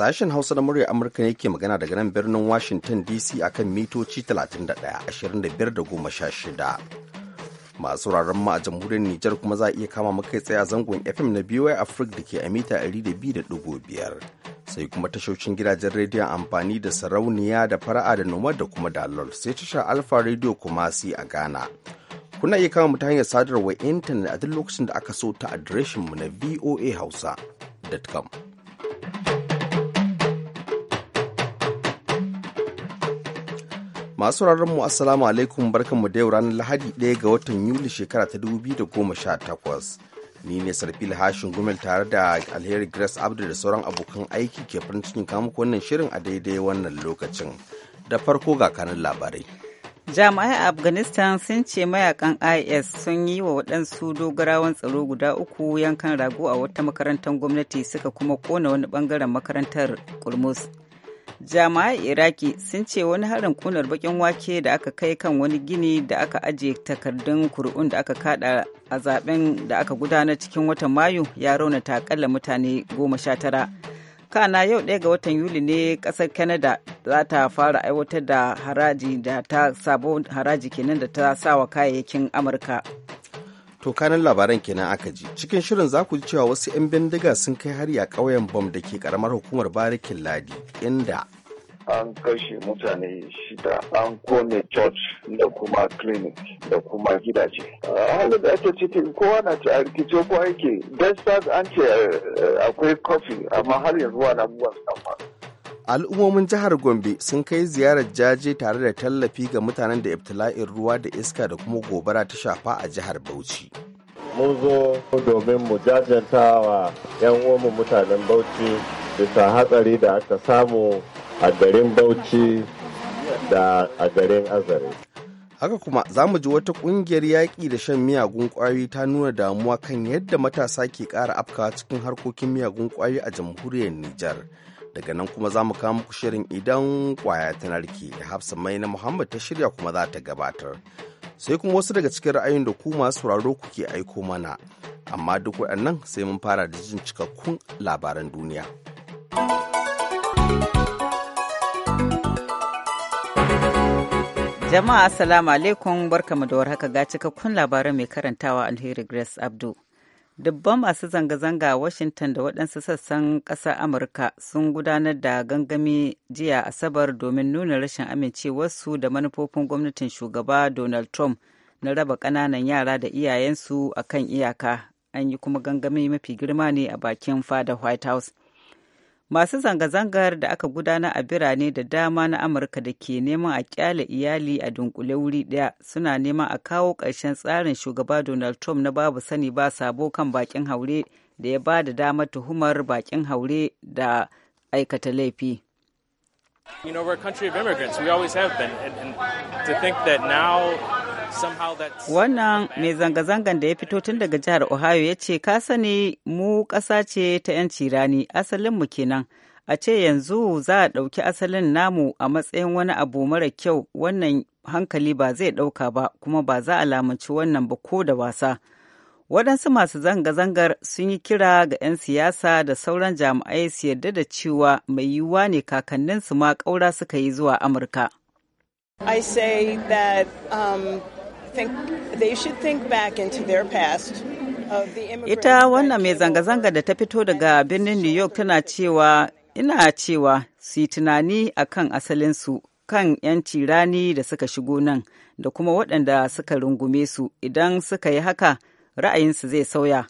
Sashen Hausa na muryar Amurka ne ke magana daga nan birnin Washington DC akan mitoci 31-25-16. Masu wuraren mu a jamhuriyar Nijar kuma za a iya kama maka tsaye a zangon FM na BY Africa da ke a mita 200.5. Sai kuma tashoshin gidajen rediyon amfani da sarauniya da fara'a da noma da kuma dalol sai tashar Alfa Radio kuma si a Ghana. Kuna iya kama mutane da hanyar sadarwar intanet a duk lokacin da aka so ta adireshinmu na voa voahausa.com. Masu mu Assalamu alaikum barkanmu da yau ranar Lahadi ɗaya ga watan Yuli shekara ta dubu da goma sha 2018. Ni ne sarfi Hashin Gumel tare da Alheri Grace Abdu da sauran abokan aiki ke farin cikin kamu wannan shirin a daidai wannan lokacin. Da farko ga kanin labarai. Jami'ai a Afghanistan sun ce mayakan IS sun yi wa waɗansu dogarawan tsaro guda uku yankan rago a wata makarantar gwamnati suka kuma kona wani bangaren makarantar kurmus. jami'an iraki sun ce wani harin kunar bakin wake da aka kai kan wani gini da aka ajiye takardun kuri'un da aka kada a zaben da aka gudanar cikin watan mayu ya raunata akalla mutane goma sha tara kana yau ɗaya ga watan yuli ne ƙasar canada za ta fara aiwatar da haraji da ta sabo haraji kenan da ta sa wa kayayyakin amurka To kanan labaran kenan aka ji. Cikin shirin za ku ji cewa wasu 'yan bindiga sun kai hari a ƙauyen bom da ke ƙaramar hukumar barikin ladi inda an kashe mutane shida an kone church da kuma clinic da kuma gidaje halin da ake ciki kowa na ci a rikice ko yake don an ce eh, akwai kofi amma har yanzu wani abubuwan al'ummomin jihar gombe sun kai ziyarar jaje tare da tallafi ga mutanen da ibtila'in ruwa da iska da kuma gobara ta shafa a jihar bauchi mun zo domin mu jajanta wa 'yan uwanmu mutanen bauchi bisa hatsari da aka samu a garin bauchi da a garin azare haka kuma za mu ji wata kungiyar yaƙi da shan miyagun ƙwayoyi ta nuna damuwa kan yadda matasa ke ƙara afkawa cikin harkokin miyagun ƙwayoyi a jamhuriyar nijar daga nan kuma za mu kawo muku shirin idan kwaya ta narke da hafsa mai na muhammad ta shirya kuma za ta gabatar sai kuma wasu daga cikin ra'ayin da ku masu sauraro kuke aiko mana amma duk waɗannan sai mun fara da jin cikakkun labaran duniya jama'a assalamu alaikum barkamu da warhaka ga cikakkun labaran mai karantawa alheri grace abdu dubban masu zanga-zanga a washington da waɗansu sassan ƙasar amurka sun gudanar da gangami jiya asabar domin nuna rashin amincewarsu da manufofin gwamnatin shugaba donald trump na raba ƙananan yara da iyayensu a kan iyaka an yi kuma gangami mafi girma ne a bakin fada white house masu zanga-zangar da aka gudana a birane da dama na amurka da ke neman a kyale iyali a dunkule wuri daya suna neman a kawo ƙarshen tsarin shugaba donald trump na babu sani ba sabo kan bakin haure da ya ba da damar tuhumar bakin haure da aikata laifi You know, we're a country of immigrants. We always have been. And, and to think that now Wannan mai zanga-zangan da ya fito tun daga jihar Ohio ya ce, Ka sani mu ƙasa ce ta 'yanci rani, asalinmu kenan. A ce yanzu za a ɗauki asalin namu a matsayin wani abu mara kyau wannan hankali ba zai ɗauka ba kuma ba za a lamunci wannan ba ko da wasa. Waɗansu masu zanga-zangar sun yi kira ga 'yan siyasa da sauran jami'ai su yarda da cewa mai yiwuwa ne kakanninsu ma ƙaura suka yi zuwa Amurka. I um, think they think back into their past Ita wannan mai zanga-zanga da ta fito daga birnin New York tana cewa ina cewa su yi tunani a kan asalinsu kan 'yanci rani da suka shigo nan da kuma waɗanda suka rungume su idan suka yi haka ra'ayinsu zai sauya.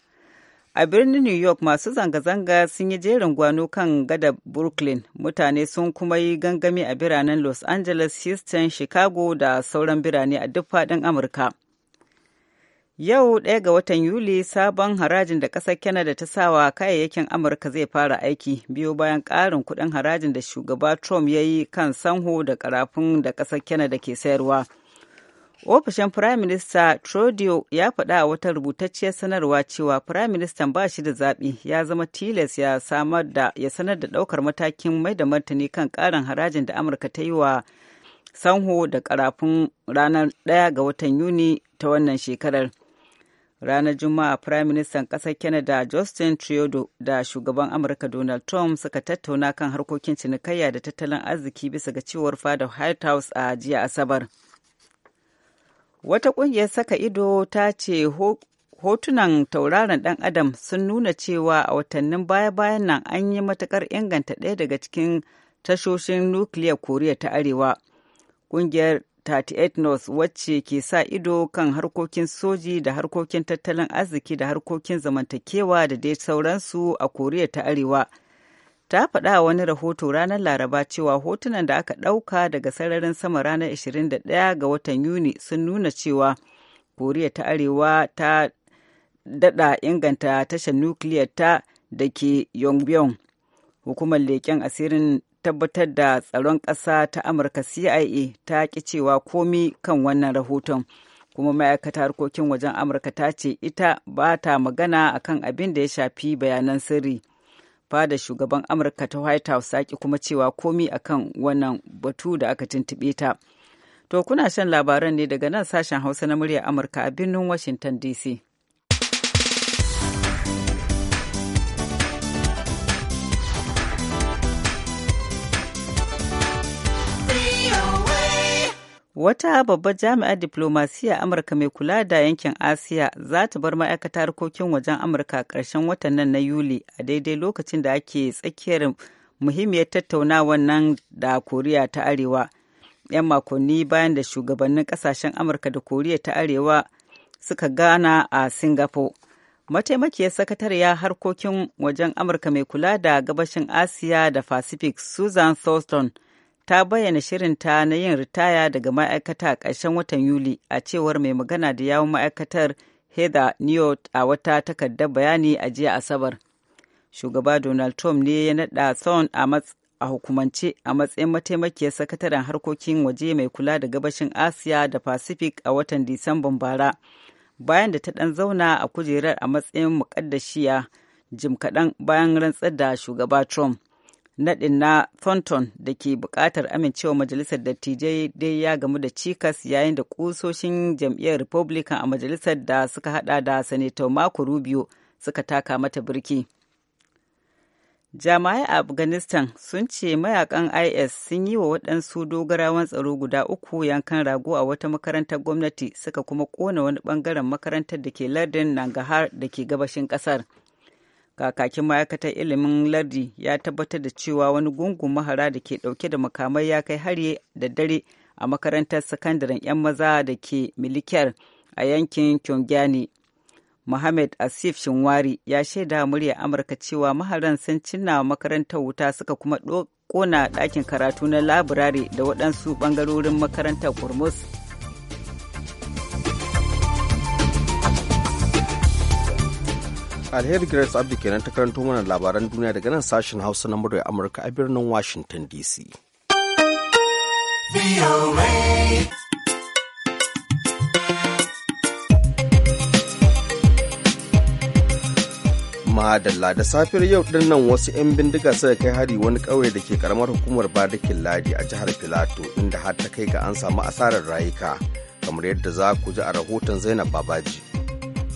A birnin New York masu zanga-zanga sun yi jerin gwano kan gada Brooklyn, mutane sun kuma yi gangami a biranen Los Angeles, Houston, Chicago da sauran birane a duk faɗin Amurka. Yau ɗaya ga watan Yuli sabon harajin da ƙasar Canada ta sawa kayayyakin Amurka zai fara aiki biyo bayan ƙarin kuɗin harajin da shugaba Trump ya yi kan sanho da ƙarafin da ƙasar Canada ke sayarwa. Ofishin Firaminista Trudeau ya faɗa a wata rubutacciyar sanarwa cewa Firaministan ba shi da zaɓi ya zama tilas ya samar da ya sanar da ɗaukar matakin mai da martani kan ƙarin harajin da Amurka ta yi wa sanho da ƙarafin ranar ɗaya ga watan Yuni ta wannan shekarar. Ranar Juma'a Firaministan ƙasar Canada Justin Trudeau da shugaban Amurka Donald Trump suka tattauna kan harkokin cinikayya da tattalin arziki bisa ga cewar fadar White House a jiya Asabar. Wata ƙungiyar saka ido ta ce hotunan tauraron ɗan adam sun nuna cewa a watannin baya-bayan nan an yi matukar inganta ɗaya daga cikin tashoshin nukiliyar Koriya ta Arewa. Ƙungiyar 38 North wacce ke sa ido kan harkokin soji da harkokin tattalin arziki da harkokin zamantakewa da dai sauransu a Koriya ta Arewa ta faɗa a wani rahoto ranar laraba cewa hotunan da aka ɗauka daga sararin sama ranar 21 ga watan yuni sun nuna cewa koriya ta arewa ta daɗa inganta tashar nukiliyar ta da ke yongbyon hukumar leƙen asirin tabbatar da tsaron ƙasa ta amurka cia ta ƙi cewa komi kan wannan rahoton kuma ma'aikata harkokin wajen amurka ta ce ita ba ta magana akan abin da ya shafi bayanan sirri fada shugaban amurka ta white house saki kuma cewa komi akan wannan batu da aka tuntube ta to kuna shan labaran ne daga nan sashen hausa na murya amurka a birnin washington dc Wata babbar jami'ar diplomasiyya Amurka mai kula da yankin Asiya za ta bar ma'aikata harkokin wajen Amurka ƙarshen watan nan na Yuli a daidai lokacin da ake tsakiyar muhimmiyar tattaunawa nan da Koriya ta Arewa. 'Yan makonni bayan da shugabannin ƙasashen Amurka da Koriya ta Arewa suka gana a Singapore. Mataimakiyar sakatariya harkokin wajen Amurka mai kula da gabashin Asiya da Pacific Susan Thurston. ta bayyana shirinta na yin ritaya daga ma'aikata a ƙarshen watan Yuli a cewar mai magana da yawun ma'aikatar Heather Newt a wata takardar bayani a jiya Asabar. Shugaba Donald Trump ne ya naɗa son a hukumance a matsayin mataimakiyar sakataren harkokin waje mai kula da gabashin Asiya da Pacific a watan Disamban bara. Bayan da ta ɗan zauna a kujerar a matsayin muƙaddashiya jim kaɗan bayan rantsar da shugaba Trump. naɗin na thornton da ke bukatar amincewa majalisar dattijai dai ya gamu da cikas yayin da kusoshin jam'iyyar republican a majalisar da suka hada da sanator marco rubio suka taka mata birki jami'ai a afghanistan sun ce mayakan is sun yi wa waɗansu dogarawan tsaro guda uku yankan rago a wata makarantar gwamnati suka kuma kona wani ɓangaren makarantar da ke lardin nangahar da ke gabashin ƙasar. kakakin ma'aikatar ilimin lardi ya tabbatar da cewa wani gungun mahara da ke dauke da makamai ya kai hari da dare a makarantar sakandaren 'yan maza da ke milikiyar a yankin kyongyani mohamed Asif Shinwari ya shaida murya Amurka cewa maharan sun cinna makarantar wuta suka kuma kona ɗakin karatu na labirare da waɗansu ɓangarorin makarantar Kurmus. alheri grace abdi kenan ta karanto mana labaran duniya daga nan sashen hausa na murya amurka a birnin washington dc madalla da safiyar yau din nan wasu 'yan bindiga suka kai hari wani ƙauye da ke karamar hukumar badakin ladi a jihar filato inda har ta kai ga an samu asarar rayuka kamar yadda za ku ji a rahoton zainab babaji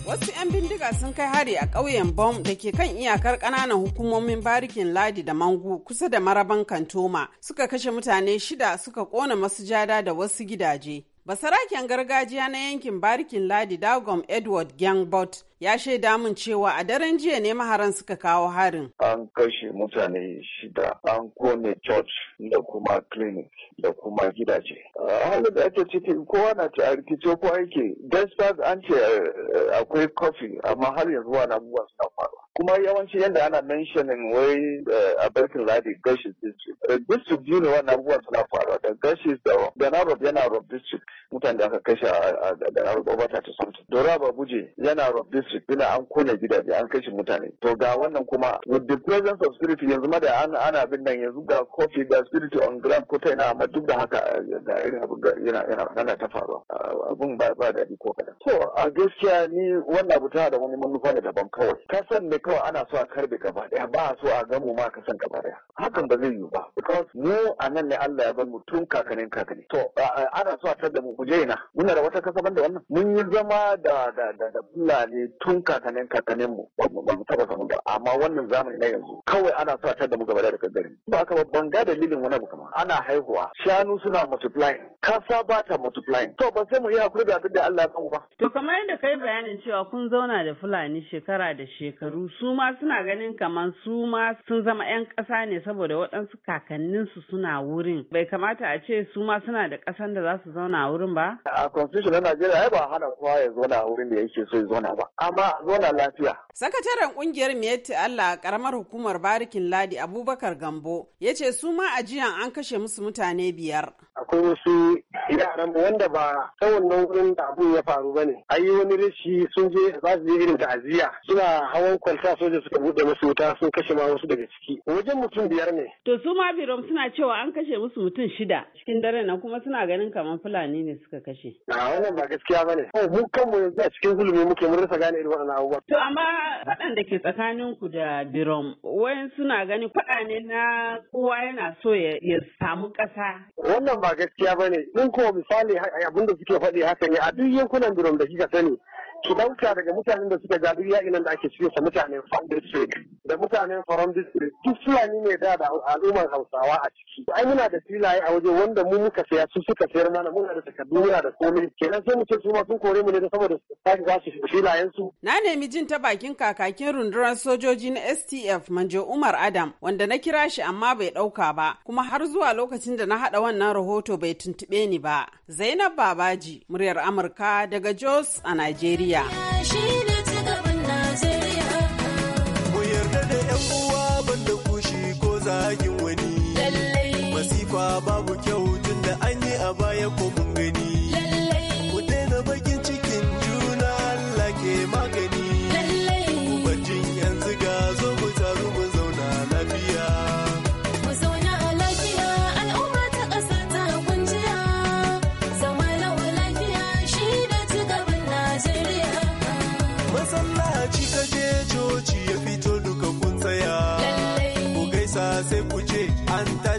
Wasu 'yan bindiga sun kai hari a ƙauyen Bom da ke kan iyakar ƙananan hukumomin barikin Ladi da Mangu kusa da maraban Kantoma suka kashe mutane shida suka ƙona masujada da wasu gidaje. Basaraken gargajiya na yankin barikin Ladi Dagom Edward Gangbot ya shaida min cewa a daren jiya ne maharan suka kawo harin. An kashe mutane shida, an kone church da kuma clinic da kuma gidaje. Halin da ake ciki kowa na ce rikice ko aiki, despite an ce eh, akwai kofi amma har yanzu na, abubuwan suna faruwa. kuma yawanci yadda ana mentioning wai eh, a berkin ladi gashi district eh, district biyu ne wannan abubuwan suna faruwa da gashi da Danaro yana rob district mutane da aka kashe a danarab over 30 something doraba buje yana rob district Bina an kone gidaje an kashe mutane to ga wannan kuma with the presence of spirit yanzu ma da ana abin nan yanzu ga kofi ga spirit on ground ko ta ina amma duk da haka eh, ga irin abin yana yana yana ta faruwa ah, abun ba ba daɗi ko kaɗan to a gaskiya ni wannan abu tana da wani manufa ne daban kawai kasan ne kawai ana so a karbe gaba daya ba a so a gamu ma kasan gaba daya hakan ba zai yiwu ba because mu a nan ne Allah ya bar mu tun kakanin kakani to ana so a tada mu kuje ina muna da wata kasa banda wannan mun yi zama da da da fulani tun kakannin kakannin mu ba mu taba samu ba amma wannan zamani na yanzu kawai ana sa ta da mu gaba da kaddari ba ka ban ga dalilin wani abu kamar ana haihuwa shanu suna multiplying kasa ba ta multiplying to ba sai mu yi hakuri da da Allah ya ba to kamar yadda kai bayanin cewa kun zauna da Fulani shekara da shekaru su ma suna ganin kamar su ma sun zama 'yan ƙasa ne saboda waɗansu kakanninsu suna wurin bai kamata a ce su ma suna da ƙasan da za su zauna a wurin ba? A constitution na Najeriya ai ba hana kowa ya zauna a wurin da yake so ya zauna ba. amma zona lafiya. Sakataren kungiyar Miyetti Allah a karamar hukumar Barikin Ladi Abubakar Gambo ya ce su ma ajiyan an kashe musu mutane biyar. akwai wasu yaran wanda ba ta wannan wurin da abun ya faru ba ne ayi wani rashi sun je za su je irin ta'aziyya suna hawan kwalta soja suka bude musu wuta sun kashe ma wasu daga ciki wajen mutum biyar ne to su ma birom suna cewa an kashe musu mutum shida cikin dare na kuma suna ganin kamar fulani ne suka kashe a wannan ba gaskiya ba ne. mu kanmu yanzu a cikin zulumi muke mun rasa gane irin wannan abubuwa to amma faɗan da ke tsakanin ku da birom wayan suna ganin faɗa ne na kowa yana so ya samu ƙasa wannan ba gaskiya ba ne in ko misali abinda suke faɗi haka ne a duk yankunan birom da kika sani ki dauka daga mutanen da suka ga duk da ake cikin sa mutanen foundation da mutanen Faron District duk Fulani ne da da al'ummar Hausawa a ciki. Ai muna da filaye a waje wanda mu muka saya su suka sayar mana muna da takardu muna da komai. Kenan sai mu ce su ma sun kore mu ne da saboda su za su filayen su. Na nemi jin ta bakin kakakin rundunar sojoji na STF Manjo Umar Adam wanda na kira shi amma bai dauka ba kuma har zuwa lokacin da na hada wannan rahoto bai tuntuɓe ni ba. Zainab Babaji, muryar Amurka daga Jos a Najeriya.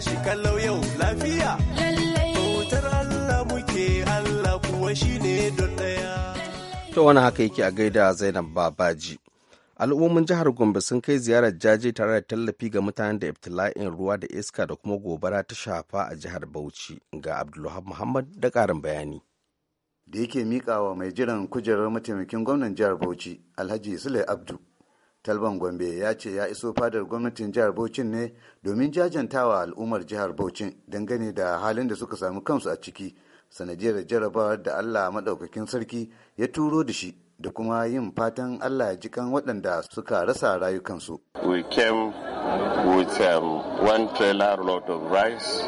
tashi kallau yau lafiya. Bautar Allah muke Allah kuwa shi don ɗaya. To wani haka yake a gaida Zainab Babaji. Al'ummomin jihar Gombe sun kai ziyarar jaje tare da tallafi ga mutanen da ibtila'in ruwa da iska da kuma gobara ta shafa a jihar Bauchi ga Abdulwahab Muhammad da ƙarin bayani. Da yake miƙawa mai jiran kujerar mataimakin gwamnan jihar Bauchi, Alhaji Sule Abdu, talban gombe ya ce ya iso fadar gwamnatin jihar Bauchin ne domin jajantawa al'ummar jihar Bauchin dangane da halin da suka samu kansu a ciki sanadiyar jarabawar da allah maɗaukakin sarki ya turo da shi da kuma yin fatan allah ya jikan waɗanda suka rasa rayukansu we came with um, one trailer lot of rice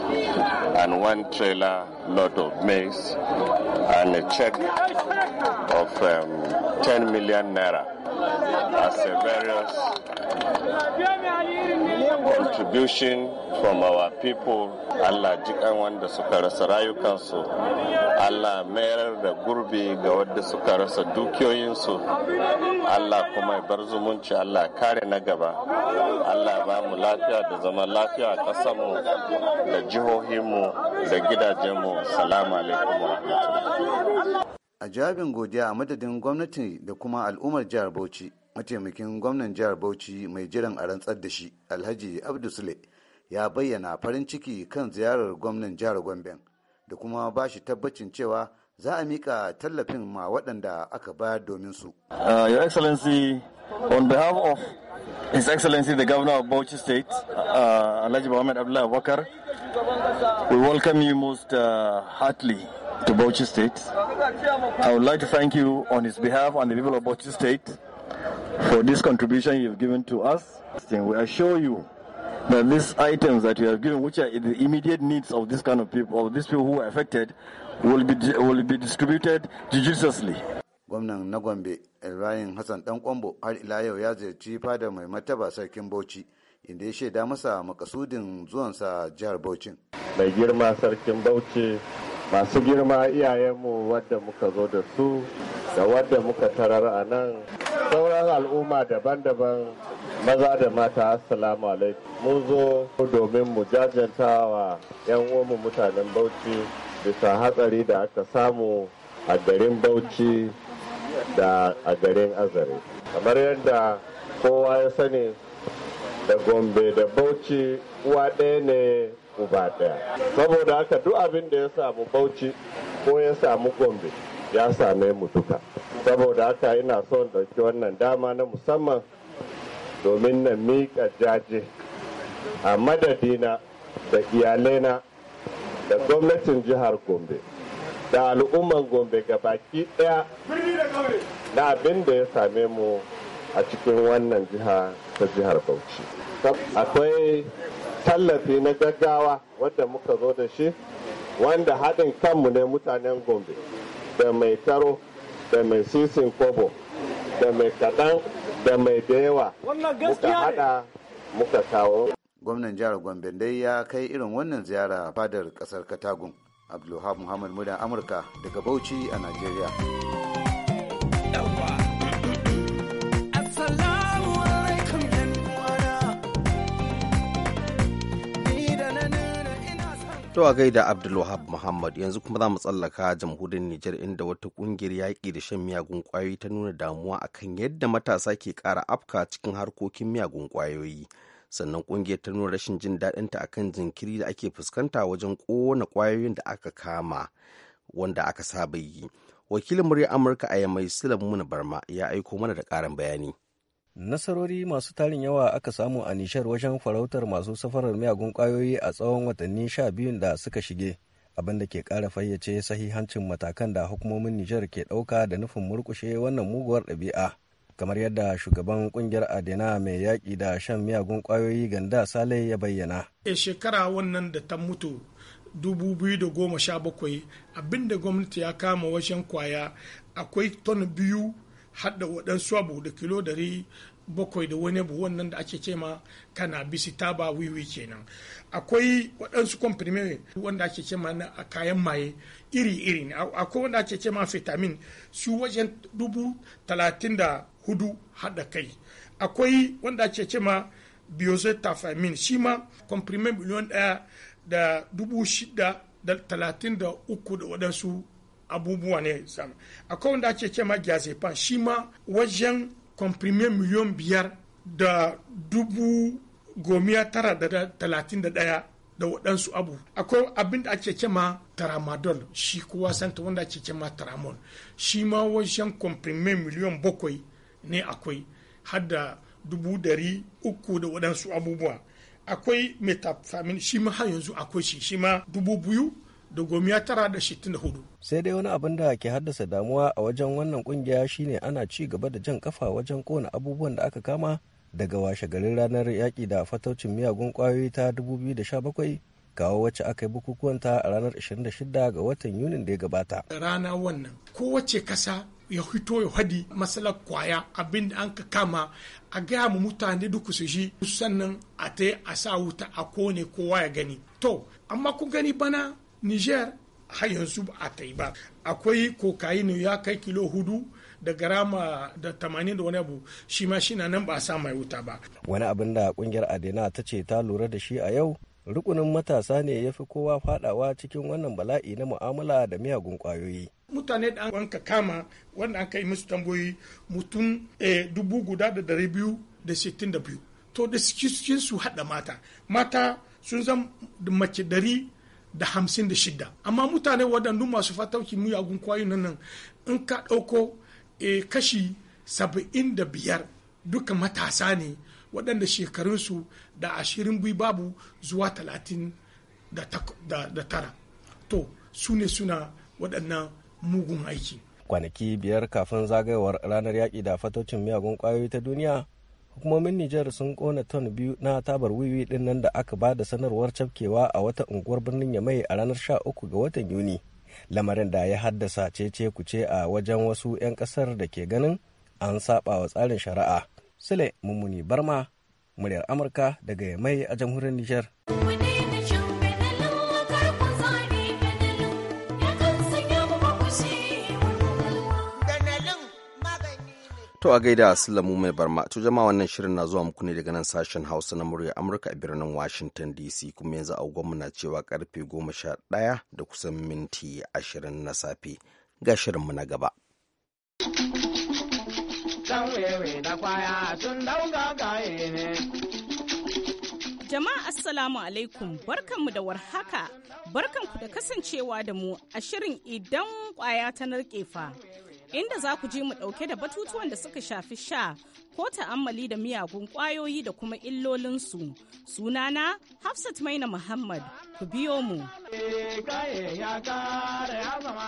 and one trailer lot of maize and a check of um, 10 million has a various contribution from our people Allah jikan wanda suka rasa rayukansu Allah mayar da gurbi ga wanda suka rasa dukiyoyinsu Allah kuma ya bar zumunci Allah kare na gaba Allah ba mu lafiya da zaman lafiya a ƙasarmu da jihohinmu da gidajenmu salamu alaikum wa a jabin godiya madadin gwamnati da kuma al'ummar jihar bauchi mataimakin gwamnan jihar bauchi mai jiran a rantsar da shi alhaji abdu sule ya bayyana farin ciki kan ziyarar gwamnan jihar gomben da kuma ba shi tabbacin cewa za a mika tallafin ma waɗanda aka bayar domin su. Uh, Your Excellency, on behalf of His Excellency the Governor of Bauchi State, uh, Alhaji Muhammad Abdullah Abubakar, we welcome you most uh, heartily to Bauchi State. I would like to thank you on his behalf and the people of Bauchi State for this contribution you've given to us. We assure you that these items that you have given, which are the immediate needs of this kind of people, of these people who are affected, will be will be distributed judiciously. Gwamnan na Gombe Ibrahim Hassan Dan Kwambo har ila yau ya ziyarci fada mai sarkin Bauchi inda ya shaida masa makasudin zuwansa jihar Mai girma sarkin Bauchi masu girma iyayenmu wadda muka zo da su da wadda muka tarar a nan sauran al'umma daban-daban maza da mata assalamu alaikum mun zo domin mu jajanta wa 'yan uwanmu mutanen bauchi bisa hatsari da aka samu a garin bauchi da a garin azare kamar yadda kowa ya sani da gombe da bauchi uwa ɗaya ne uba ɗaya saboda haka duk abin da ya samu bauchi ko ya samu gombe ya same mu duka saboda haka ina son ɗauki wannan dama na musamman domin na miƙa jaje a madadina da iyalaina da gwamnatin jihar gombe da al'umman gombe ga baki ɗaya na abin da ya same mu a cikin wannan jiha ta jihar bauchi akwai tallafi na gaggawa wadda muka zo da shi wanda haɗin kanmu ne mutanen gombe da mai taro da mai sisin kobo da mai kaɗan da mai da yawa muka hada muka kawo gwamnan jihar gombe dai ya kai irin wannan ziyara fadar kasar katagun abdulhab muhammad muda amurka daga bauchi a nigeria To a gaida Abdulwahab Muhammad yanzu kuma za mu tsallaka jamhuriyar Nijar inda wata kungiyar yaƙi da shan miyagun ƙwayoyi ta nuna damuwa akan yadda matasa ke ƙara afka cikin harkokin miyagun ƙwayoyi. Sannan kungiyar ta nuna rashin jin daɗinta akan jinkiri da ake fuskanta wajen ƙona ƙwayoyin da aka kama wanda aka saba yi. Wakilin murya Amurka a Yamai Sulaimuna Barma ya aiko mana da ƙarin bayani. nasarori masu tarin yawa aka samu a nishar wajen farautar masu safarar miyagun kwayoyi a tsawon watanni sha biyun da suka shige abin da ke kara fayyace sahihancin matakan da hukumomin nijar ke ɗauka da nufin murkushe wannan muguwar ɗabi'a kamar yadda shugaban kungiyar adena mai yaƙi da shan miyagun kwayoyi ganda sale ya bayyana e shekara wannan da ta mutu bakwai abinda gwamnati ya kama wajen kwaya akwai ton biyu hada waɗansu abu da kilo dari bakwai da wani abu wannan da ake ce ma cannabis taba wiwi kenan akwai waɗansu comprimate wanda ake cema na a kayan maye iri-iri ne akwai wanda ake cema ma vitamin su wajen dubu talatin da hudu hada kai akwai wanda ake cema ma biozetafamin shi ma comprimate miliyan ɗaya da dubu shida da talatin da uku da waɗansu abubuwa ne akwai wanda ake cema ma shi ma wajen komprime miliyon biyar da dubu gomiya tara da talatin da ɗaya da waɗansu abu akwai abin da ake kema taramadol shi kowa santa wanda ake kema tramol shi ma wajen komprime miliyon bakwai ne akwai har da dubu dari uku da waɗansu abubuwa akwai metafamin shi ma har yanzu akwai shi shi ma dubu biyu da gomiya tara da sittin da hudu. Sai dai wani abin da ke haddasa damuwa a wajen wannan kungiya shine ana ci gaba da jan kafa wajen kona abubuwan da aka kama daga washe garin ranar yaƙi da fataucin miyagun ƙwayoyi ta 2017 kawo wacce aka yi ta a ranar 26 ga watan yunin da ya gabata. Rana wannan kowace kasa ya hito ya hadi matsalar kwaya abin da an ka kama a gaya mu mutane duk su shi sannan a ta a sa wuta a kone kowa ya gani. To, amma ku gani bana niger har yanzu ba a ta yi ba akwai ne ya kai kilo hudu da garama da tamanin da wani abu shi ma shi na nan ba a sa mai wuta ba wani abin da kungiyar adena ta ce ta lura da shi a yau rukunin matasa ne ya fi kowa fadawa cikin wannan bala'i na mu'amala da miyagun kwayoyi mutane da an kama wanda an kai musu tambayoyi mutum eh, dubu guda da dari biyu da sittin da biyu to da su haɗa mata mata sun zama mace dari da hamsin da shida amma mutane waɗannan masu fatauki muyagun kwayunan nan in ka ɗauko e, kashi saba'in da biyar duka matasa ne waɗanda shekarunsu da ashirin bai babu zuwa talatin da, tara to su ne suna waɗannan mugun aiki kwanaki biyar kafin zagayowar ranar yaƙi da fatocin miyagun kwayoyi ta duniya hukumomin Nijar sun kona ton biyu na tabar wiwi din nan da aka ba da sanarwar cafkewa a wata unguwar birnin Yamai a ranar 13 ga watan Yuni. Lamarin da ya haddasa cece kuce a wajen wasu 'yan kasar da ke ganin an saba wa tsarin shari'a. Sule Mummuni Barma, muryar Amurka daga Yamai a jamhuriyar Nijar. To a gaida Sulamu mai barma, to jama wannan shirin na zuwa muku ne daga nan sashen Hausa na murya Amurka a birnin Washington DC kuma yanzu agogonmu na cewa karfe goma sha ɗaya da kusan minti ashirin na safe ga shirinmu na gaba. Jama'a Assalamu alaikum barkan mu da warhaka ku da kasancewa da mu a shirin idan kwaya ta narkefa. inda za ku je mu ɗauke da batutuwan da suka shafi sha ko ta'ammali da miyagun ƙwayoyi da kuma illolinsu. Sunana Hafsat Maina Muhammad, ku biyo mu.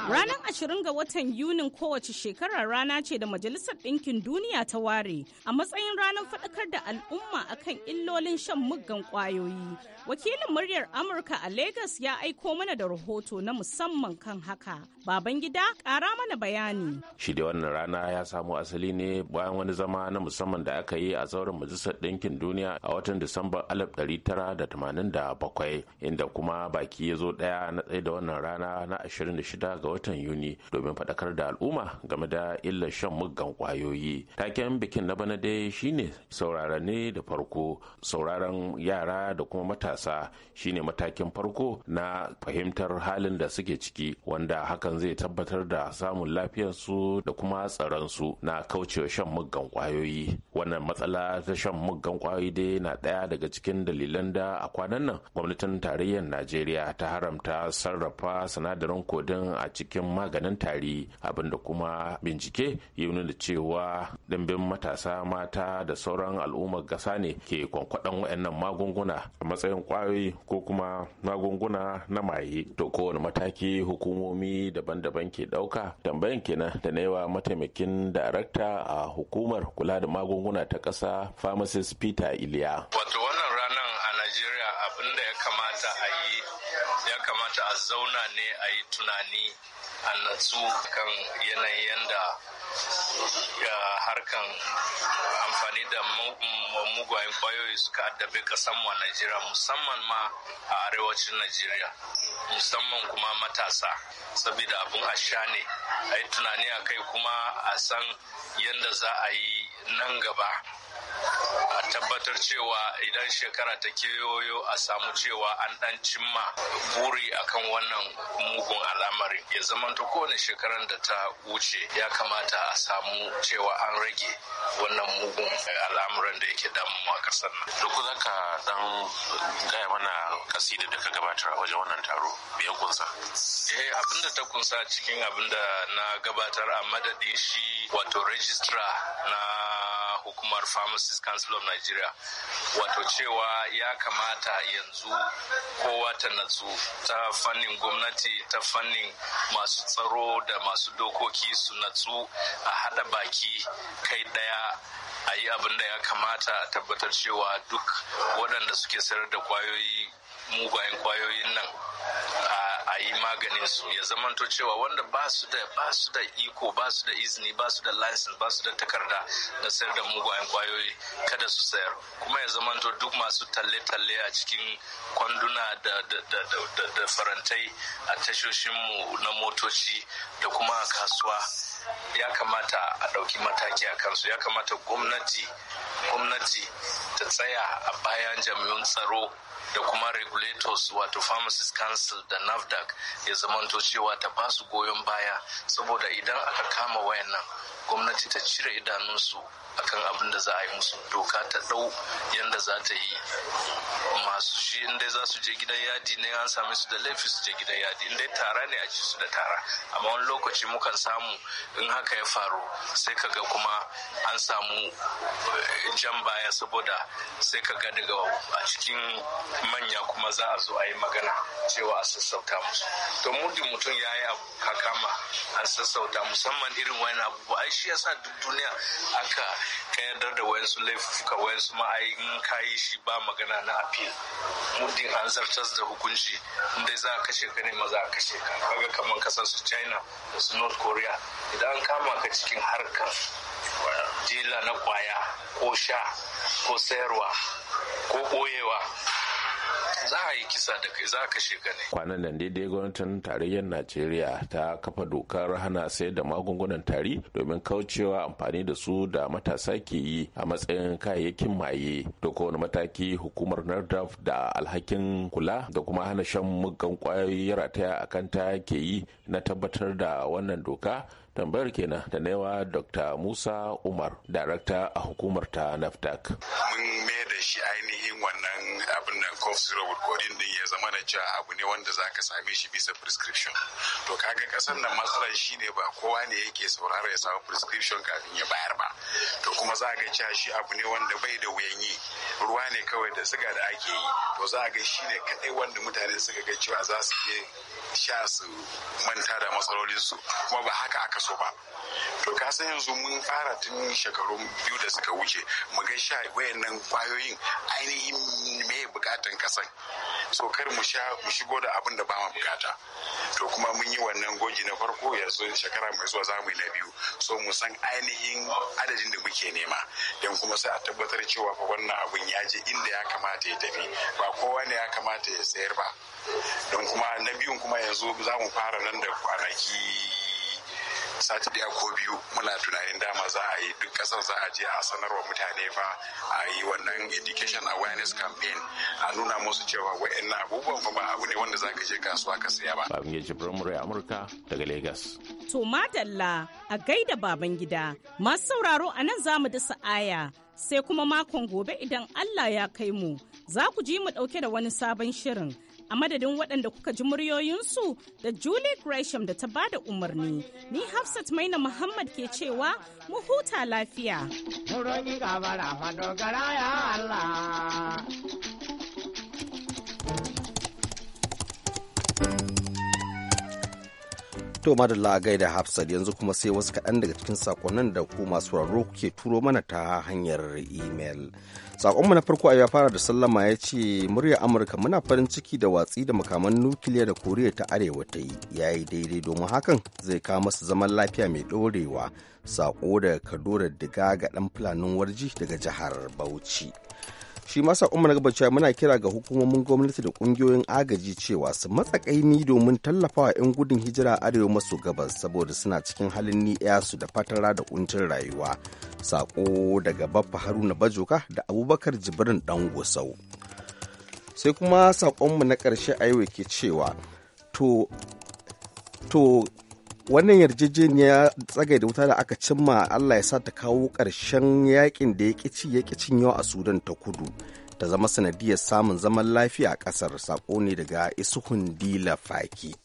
Ranar ashirin ga watan Yunin kowace shekara rana ce da Majalisar Ɗinkin Duniya ta ware a matsayin ranar faɗakar da al'umma akan illolin shan muggan ƙwayoyi. Wakilin muryar Amurka a Legas ya aiko mana da rahoto na musamman kan haka. Baban gida kara mana bayani. Shi da wannan rana ya samo asali ne bayan wani zama na musamman da aka yi a zauren Majalisar Ɗinkin Duniya a watan Disamba 1987 inda kuma baki ya zo ɗaya na tsaye da wannan rana na 26 ga watan Yuni domin faɗakar da al'umma game da illar shan muggan ƙwayoyi. Taken bikin na bana dai shine saurarane da farko sauraron yara da kuma matasa matasa shine matakin farko na fahimtar halin da suke ciki wanda hakan zai tabbatar da samun lafiyar su da kuma su na kaucewa shan muggan kwayoyi wannan matsala ta shan muggan kwayoyi dai na ɗaya daga cikin dalilan da a kwanan nan gwamnatin tarayyar najeriya ta haramta sarrafa sinadarin kodin a cikin maganin tari da kuma bincike ya nuna da cewa dimbin matasa mata da sauran al'ummar gasa ne ke kwankwaɗan waɗannan magunguna a matsayin kwayoyi ko kuma magunguna na maye to kowane mataki hukumomi daban-daban ke dauka tambayan kenan da na yawa mataimakin darakta a hukumar kula da magunguna ta ƙasa pharmacist peter iliya wato wannan ranar a nigeria abinda ya kamata a yi ya kamata a zauna ne a yi tunani A natsu kan yanayin da harkan amfani da mugayen kwayoyi suka addabi kasanmu a Najeriya musamman ma a arewacin Najeriya musamman kuma matasa saboda abun asha ne a yi tunani akai kuma a san yadda za a yi nan gaba a tabbatar cewa idan shekara ta yoyo, a samu cewa an dan cimma buri akan wannan mugun al'amari ya zamanta kowane shekarar da ta wuce ya kamata a samu cewa an rage wannan mugun al'amuran da yake damu a kasar nan duk za ka dan gaya mana kasida da ka gabatar a wajen wannan taro me ya kunsa eh abinda ta kunsa cikin abinda na gabatar a madadin shi wato registrar na hukumar Pharmacist Council of Nigeria wato cewa ya kamata yanzu kowa ta natsu ta fannin gwamnati ta fannin masu tsaro da masu dokoki su natsu a hada baki kai daya a yi abin da ya kamata a tabbatar cewa duk waɗanda suke sayar da kwayoyi mugayen kwayoyin nan a yi maganin su ya zamanto cewa wanda ba su da iko ba su da izini ba su da license ba su da takarda na sayar da mugayen kwayoyi kada su sayar kuma ya zamanto duk masu talle-talle a cikin kwanduna da farantai a tashoshinmu na motoci da kuma a kasuwa ya kamata a ɗauki mataki a kansu ya kamata gwamnati ta tsaya a bayan jami'un tsaro da kuma regulators wato pharmacies council da nafdac ya zamanto cewa ta ba su goyon baya saboda idan aka kama wayannan gwamnati ta cire idanunsu akan abin da za a yi musu doka ta ɗau yadda za ta yi masu shi inda za su je gidan yadi ne an same su da laifi su je gidan yadi inda tara ne a ci su da tara amma wani lokaci mukan samu in haka ya faru sai ka ga kuma an samu eh, jan baya saboda sai ka ga daga a cikin manya kuma za a zo a yi magana cewa a sassauta musu to muddin mutum ya yi abu ka kama an sassauta musamman irin wani abubuwa ai shi yasa duk duniya aka ka yardar da wayansu laifuka wayansu ma shi ba magana na appeal muddin an zartas da hukunci indai za a kashe ka ne maza a kashe ka kaga kamar kasar su china da su north korea idan an kama ka cikin harkar jila na kwaya ko sha ko sayarwa ko ɓoyewa za a yi kisa da kai za ka shiga ne. Kwanan nan daidai gwamnatin tarayyar Najeriya ta kafa dokar hana sayar da magungunan tari domin kaucewa amfani da su da matasa ke yi a matsayin kayayyakin maye da kowane mataki hukumar NARDAF da alhakin kula da kuma hana shan muggan kwayoyi rataya a kanta ke yi na tabbatar da wannan doka tambayar kenan da naiwa dr musa umar darakta a hukumar ta naftak mun mai da shi ainihin wannan abin nan cough syrup kodin din ya zama na cewa abu ne wanda zaka same shi bisa prescription to kaga kasar nan matsalar shi ne ba kowa ne yake saurara ya samu prescription kafin ya bayar ba to kuma za ga cewa shi abu ne wanda bai da wuyan yi ruwa ne kawai da siga da ake yi to za ga shi ne kadai wanda mutane suka ga cewa za su iya sha su manta da matsalolinsu kuma ba haka aka so ba to ka san yanzu mun fara tun shekaru biyu da suka wuce mu ga sha wayannan kwayoyin ainihin me bukatan kasan so kar mu sha mu shigo da abin da ba mu bukata to kuma mun yi wannan goji na farko yanzu shekara mai zuwa za mu yi na biyu so mu san ainihin adadin da muke nema don kuma sai a tabbatar cewa fa wannan abun ya je inda ya kamata ya tafi ba kowa ne ya kamata ya sayar ba don kuma na biyun kuma yanzu za mu fara nan da kwanaki sati daya ko biyu muna tunanin dama za a yi duk kasar za a je a sanarwa mutane fa a yi wannan education awareness campaign a nuna musu cewa wa'annan abubuwan fa ba abu ne wanda za ka je kasuwa ka saya ba. Babin yaji Birmurai Amurka daga Lagos. To madalla a gaida baban gida masu sauraro a nan za mu dasa aya sai kuma makon gobe idan Allah ya kai mu za ku ji mu dauke da wani sabon shirin. a madadin waɗanda kuka ji muryoyinsu da Julie Gresham da ta ba da umarni. Ni Hafsat Maina Muhammad ke cewa mu huta lafiya. To madalla a gaida Hafsat yanzu kuma sai wasu kaɗan daga cikin sakonnin da ku masu raro ke turo mana ta hanyar imel. Sakonmu na farko a ya fara da sallama ya ce murya Amurka muna farin ciki da watsi da makaman nukiliya da Koriya ta Arewa ta yi ya yi daidai domin hakan zai kawo masu zaman lafiya mai ɗorewa. Sako da Kaduna Diga ga ɗan fulanin warji daga jihar Bauchi. shi masa umar gabacewa muna kira ga hukumomin gwamnati da kungiyoyin agaji cewa su matsakaini domin tallafawa 'yan gudun hijira arewa maso gabas saboda suna cikin halin ni'ya su da fatara da kuncin rayuwa sako daga baffa haruna bajoka da abubakar jibrin dan gusau sai kuma saƙonmu na ƙarshe a yau ke cewa to wannan yarjejeniya tsagai da wuta da aka cimma allah ya sa ta kawo ƙarshen yakin da ya ƙici ya yau a sudan ta kudu ta zama sanadiyar samun zaman lafiya a ƙasar sako ne daga isuhun dila faki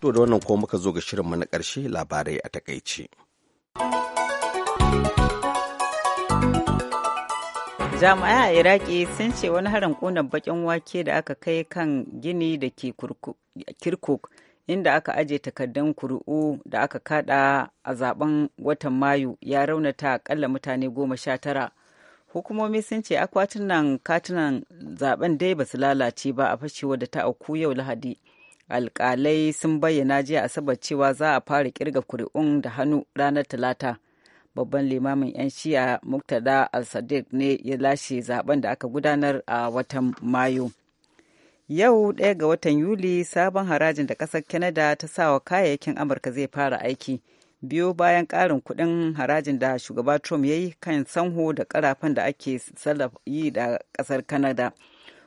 to da wannan kuma muka zo ga shirinmu na ƙarshe labarai a takaice. jami'ai a iraki sun ce wani harin kunan bakin wake da aka kai kan gini da ke kirkuk inda aka aje takardun kuri'u da aka kada a zaben watan mayu ya raunata akalla mutane goma sha tara hukumomi sun ce akwatunan katunan zaben dai basu lalace ba a fashewa da ta auku yau lahadi alkalai sun bayyana jiya asabar cewa za a fara kirga kuri'un da hannu ranar talata babban limamin 'yan shi'a muktada al-sadiq ne ya lashe zaben da aka gudanar a watan mayu yau ɗaya ga watan yuli sabon harajin da ƙasar canada ta sawa kayayyakin amurka zai fara aiki biyo bayan ƙarin kuɗin harajin da shugaba trump ya yi kan sanho da ƙarafan da ake yi da ƙasar canada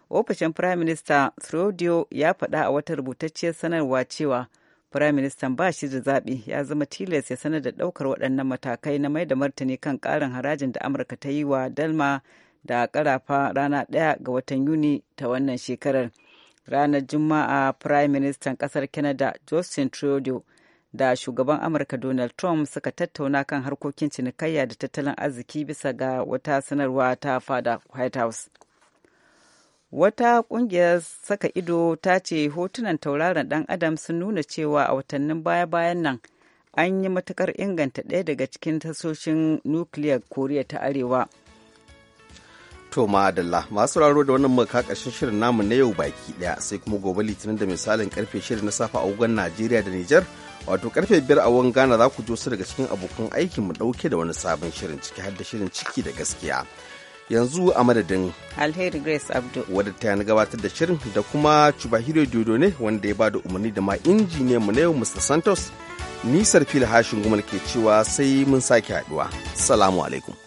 ofishin prime minister trudeau ya faɗa a wata rubutacciyar sanarwa cewa Firaministan ba shi da zaɓi ya zama tilas ya sanar da ɗaukar waɗannan matakai na mai da martani kan ƙarin harajin da Amurka ta yi wa Dalma da ƙarafa rana ɗaya ga watan Yuni ta wannan shekarar. Ranar Juma'a Firaministan ƙasar Canada Justin Trudeau da shugaban Amurka Donald Trump suka tattauna kan harkokin cinikayya da tattalin arziki bisa ga wata sanarwa ta fada White House. Wata ƙungiyar saka ido ta ce hotunan tauraron dan Adam sun nuna cewa a watannin baya-bayan nan an yi matukar inganta ɗaya daga cikin tasoshin nukiliyar Koriya ta Arewa. To ma'adalla masu raro da wannan makakashin shirin namu na yau baki ɗaya sai kuma gobe litinin da misalin karfe shirin na safa a Najeriya da Nijar wato karfe biyar a wani Ghana za ku jo su daga cikin abokan aikin mu ɗauke da wani sabon shirin ciki har da shirin ciki da gaskiya. yanzu a madadin alheri grace abdu wadda ta yana gabatar da shirin da kuma chubahiro dodo ne wanda ya bada umarni da ma injiniyan mu na yau mr santos nisar fil hashin gumal ke cewa sai mun sake haɗuwa salamu alaikum